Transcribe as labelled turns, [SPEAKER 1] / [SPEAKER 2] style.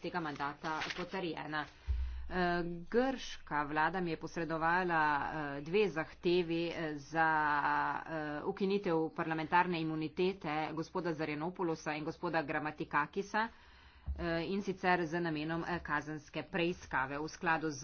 [SPEAKER 1] tega mandata potrjena. Eh, grška vlada mi je posredovala eh, dve zahtevi eh, za ukinitev parlamentarne imunitete gospoda Zarenopolosa in gospoda Gramatikakisa in sicer z namenom kazenske preiskave v skladu z